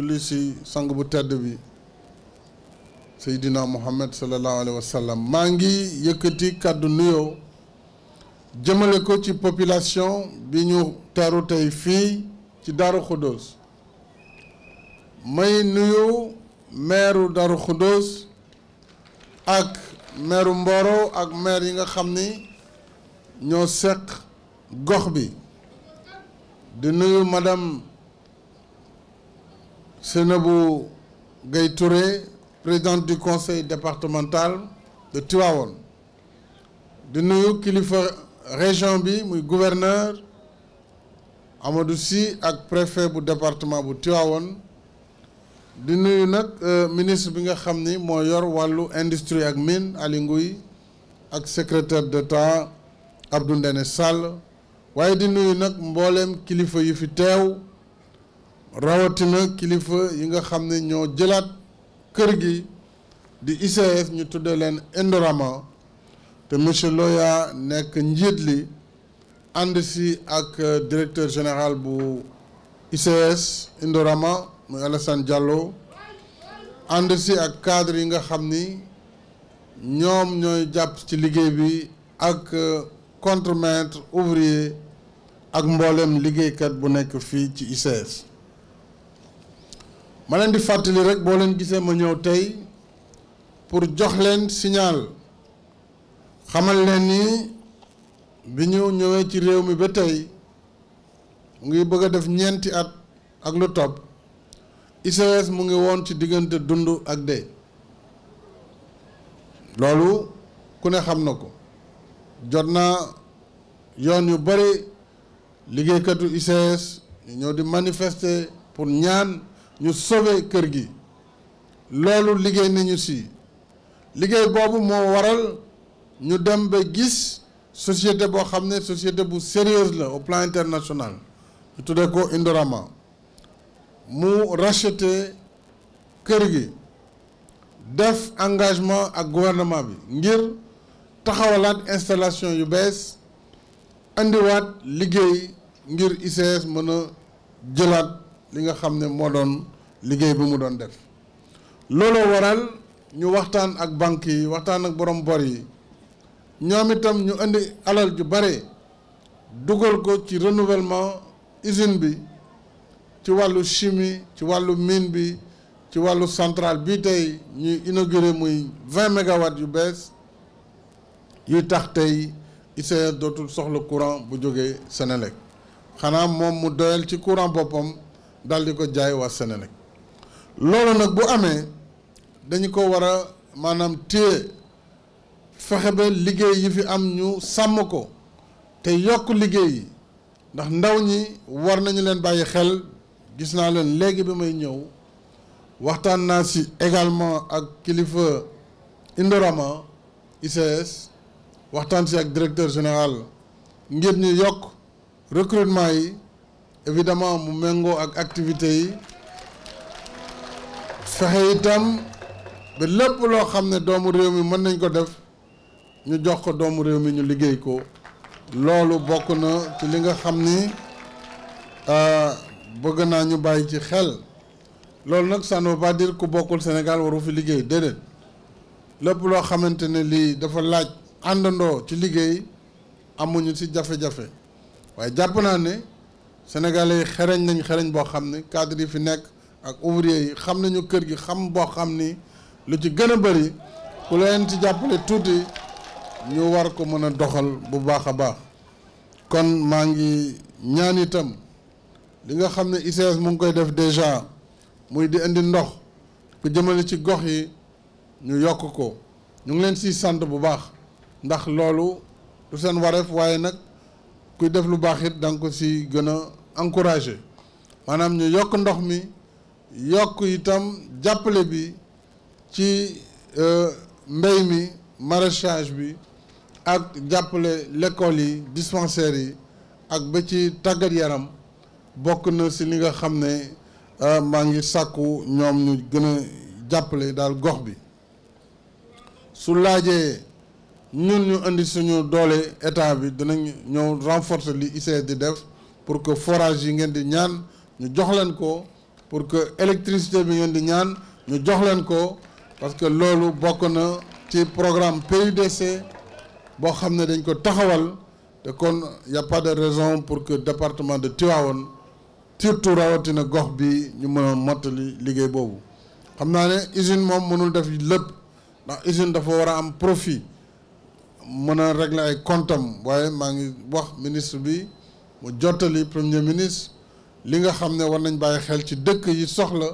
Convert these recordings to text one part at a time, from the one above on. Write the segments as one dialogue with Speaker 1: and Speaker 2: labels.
Speaker 1: julli si sang bu tedd bi Seydina Muhammad sallallahu alayhi wa maa ngi yëkkati kàddu nuyoo jëmale ko ci population bi ñu teru tey fii ci Daaru Xudoos may nuyu meeru Daaru Xudoos ak meeru Mboro ak meer yi nga xam ni ñoo seq gox bi di nuyu madame Seynabou Gueye Touré président du conseil départemental de Tivaouane di nuyu kilifa région bi muy gouverneur Amadou Sy ak préfet bu département bu Tivaouane di nuyu nag euh, ministre bi nga xam ni moo yor wàllu industrie ak mine Aly ak secrétaire d'État Abdou Ndéné Sall waaye di nuyu nag mbooleem kilifa yu fi teew rawatina kilifa yi nga xam ne ñoo jëlaat kër gi di ICS ñu tuddee leen Indorama te monsieur Loya nekk njiit li ànd ak euh, directeur général bu ICS Indorama muy Alassane Diallo ànd ak cadre yi nga xam ni ñoom ñooy jàpp ci liggéey bi ak euh, contremaître ouvrier ak mboolem liggéeykat bu nekk fii ci ICS. ma leen di fàttali rek boo leen gisee ma ñëw tey pour jox leen signal xamal leen ni bi ñu ñëwee ci réew mi ba tey mu ngi bëgg a def ñeenti at ak lu topp ICS mu ngi woon ci diggante dund ak dee loolu ku ne xam na ko jot naa yoon yu bëri liggéeykatu ICS ñu ñëw di manifeste pour ñaan ñu sauver kër gi loolu liggéey nañu si liggéey boobu moo waral ñu dem ba gis société boo xam ne société bu sérieuse la au plan international ñu tuddee ko Indorama mu racheter kër gi def engagement ak gouvernement bi ngir taxawalaat installation yu bees indiwaat liggéey ngir ICS mën a jëlaat li nga xam ne moo doon liggéey bi mu doon def looloo waral ñu waxtaan ak banque yi waxtaan ak borom bor yi ñoom itam ñu indi alal ju bare dugal ko ci renouvellement usine bi ci wàllu chimie ci wàllu mine bi ci wàllu centrale bii tey ñuy inauguré muy vingt mégawatts yu bees yuy tax tey ICS dootul soxla courant bu jógee Senelec xanaa moom mu doyal ci courant boppam daal di ko jaay waa Senelec loolu nag bu amee dañu ko war a maanaam téye fexe ba liggéey yi fi am ñu sàmm ko te yokk liggéey yi ndax ndaw ñi war nañu leen bàyyi xel gis naa leen léegi bi may ñëw waxtaan naa si également ak kilifa Indorama ICS waxtaan si ak directeur général ngir ñu yokk recrutement yi dama mu méngoo ak activité yi fexe itam ba lépp loo xam ne doomu réew mi mën nañ ko def ñu jox ko doomu réew mi ñu liggéey ko loolu bokk na ci li nga xam ni euh, bëgg naa ñu bàyyi ci xel loolu nag ça ne veut ku bokkul Sénégal waru fi liggéey déedéet lépp loo xamante ne lii dafa laaj àndandoo ci liggéey amuñu ci jafe-jafe waaye jàpp naa ne sénégalais yi xereñ nañu xereñ boo xam ni cadre yi fi nekk ak ouvrier yi xam nañu kër gi xam boo xam ni lu ci gën a bëri ku leen ci jàppale tuuti ñu war ko mën a doxal bu baax a baax kon maa ngi ñaan itam li nga xam ne ICS mu ngi koy def déjà muy di indi ndox ku jëmale ci gox yi ñu yokk ko ñu ngi leen siy sant bu baax ndax loolu du seen wareef waaye nag kuy def lu baax it da ko si gën a encouragé maanaam ñu yokk ndox mi yokk itam jàppale bi ci euh, mbéy mi maraîchage bi ak jàppale l'école yi dispensaires yi ak ba ci tàggat yaram bokk na si li nga xam ne euh, maa ngi sàkku ñoom ñu gën a jàppale daal gox bi su laajee ñun ñu indi suñu doole état bi dinañ ñëw renforcer li ICS e di def pour que forage yi ngeen di ñaan ñu jox leen ko pour que électricité bi ngeen di ñaan ñu jox leen ko parce que loolu bokk na ci programme PUDC boo xam ne dañ ko taxawal te kon y a pas de raison pour que département de Tivaouane surtout rawatina gox bi ñu mën a mottali liggéey boobu xam naa ne usine moom mënul def lépp ndax usine dafa war a am profit mën a régler ay comptam waaye maa ngi wax ministre bi mu jottali premier ministre li nga xam ne war nañ bàyyi xel ci dëkk yi soxla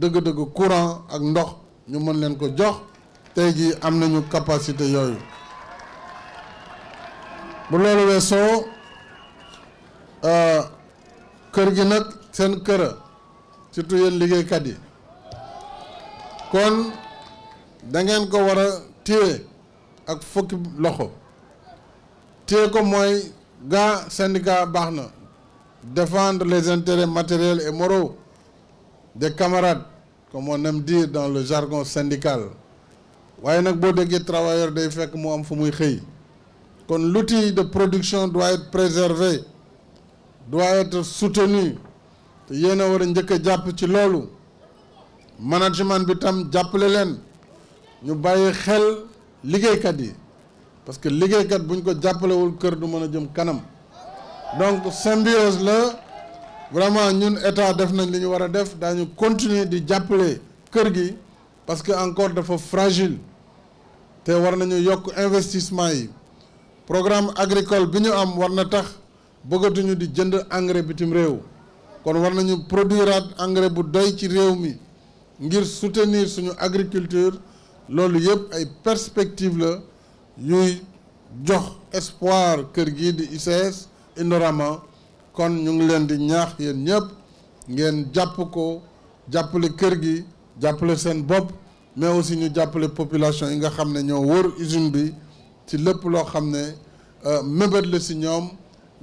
Speaker 1: dëgg-dëgg courant ak ndox ñu mën leen ko jox tey jii am nañu capacité yooyu bu loolu weesoo euh, kër gi nag seen këra surtout yéen liggéeykat yi kon dangeen ko war a téye ak fukki loxo téye ko mooy gaa syndicat baax na défendre les intérêts matériels et moraux des camarades comme on aime dire dans le jargon syndical waaye nag boo déggee travailleur day fekk mu am fu muy xëy kon l'outil de production doit être préservé doit être soutenu te yéen a war a njëkk a jàpp ci loolu management bi tam jàppale leen ñu bàyyi xel liggéeykat yi parce que liggéeykat buñ ko jàppalewul kër du mën a jëm kanam donc symbiose la vraiment ñun état def nañ li ñu war a def daañu continuer di jàppale kër gi parce que encore dafa fragile te war nañu yokk investissement yi programme agricole bi ñu am war na tax bëggatuñu di jënd engrais bitim réew kon war nañu produiraat engrais bu doy ci réew mi ngir soutenir suñu agriculture loolu yëpp ay perspective la yuy jox espoir kër gi di ICS Indorama kon ñu ngi leen di ñaax yéen ñëpp ngeen jàpp ko jàppale kër gi jàppale seen bopp mais aussi ñu jàppale population yi nga xam ne ñoo wër usine bi ci lépp loo xam ne euh, mébét la si ñoom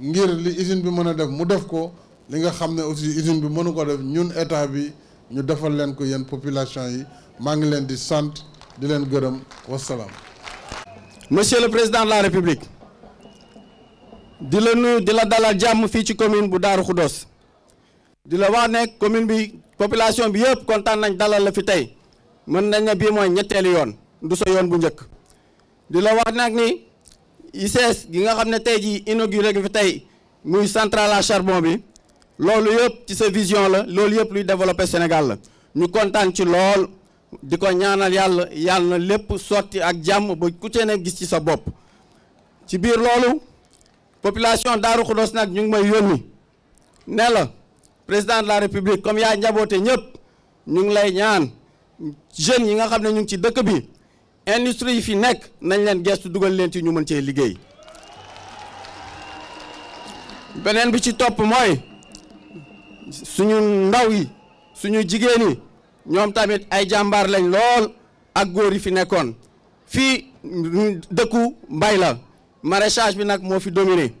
Speaker 1: ngir li usine bi mën a def mu def ko li nga xam ne aussi usine bi mënu ko def ñun état bi ñu defal leen ko yéen population yi maa ngi leen di sant di leen gërëm wasalaam monsieur le président de la république di la nuyu di la
Speaker 2: dalal jàmm fii ci commune bu Daaru Xudoos di la wax ne commune bi population bi yëpp kontaan nañ dalal la fi tey mën nañ ne bii mooy ñetteelu yoon du sa yoon bu njëkk di la wax nag ni ICS gi nga xam ne tey jii inauguré gi fi tey muy centrale à charbon bi loolu yëpp ci sa vision la loolu yëpp luy développé Sénégal la ñu kontaan ci lool di ko ñaanal yàlla yàlla lépp sotti ak jàmm ba ku ci ne gis ci sa bopp ci biir loolu population Daaru Xudoos nag ñu ngi may yónni ne la président de la république comme yaa njaboote ñëpp ñu ngi lay ñaan jeunes yi nga xam ne ñu ngi ci dëkk bi industrie yi fi nekk nañ leen gestu dugal leen ci ñu mën cee liggéey beneen bi ci topp mooy suñu ndaw yi suñu jigéen yi ñoom tamit ay jàmbaar lañ lool ak góor yi fi nekkoon fii dëkku mbay la maraîchage bi nag moo fi dominé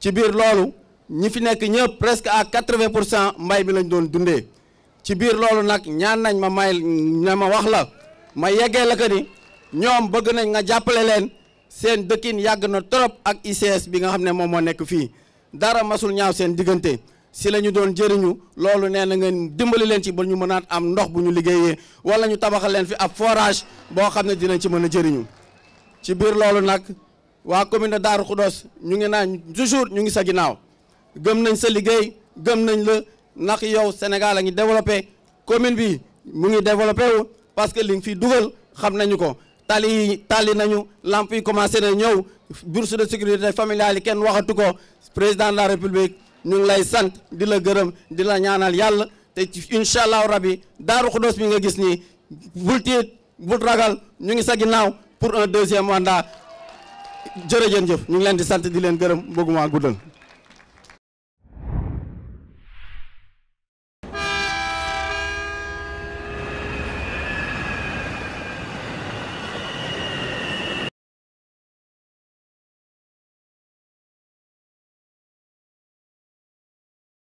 Speaker 2: ci biir loolu ñi fi nekk ñëpp presque à quatre-vingt pour cent mbay bi lañ doon dundee ci biir loolu nag ñaan nañ ma may na ma wax la ma yeggee la que ni ñoom bëgg nañ nga jàppale leen seen dëkkin yàgg na trop ak ICS bi nga xam ne moom moo nekk fii dara masul ñaaw seen diggante si la ñu doon jëriñu loolu nee na ngeen dimbali leen ci ba ñu mënaat am ndox bu ñu liggéeyee wala ñu tabaxal leen fi ab forage boo xam ne dinañ ci mën a jëriñu ci biir loolu nag waa commune de Darou ñu ngi naan toujours ñu ngi sa ginnaaw gëm nañ sa liggéey gëm nañ la ndax yow Sénégal a ngi développé commune bi mu ngi développé parce que li fii dugal xam nañu ko tali yi tali nañu lamp yi commencé na ñëw bourse de sécurité familial yi kenn waxatu ko président de la ñu ngi lay sant di la gërëm di la ñaanal yàlla te incha allahu rabi daaru xudoos bi nga gis nii bul tiit bul ragal ñu ngi sa ginnaaw pour un deuxième mandat jëf ñu ngi leen di sant di leen gërëm bëgguma guddal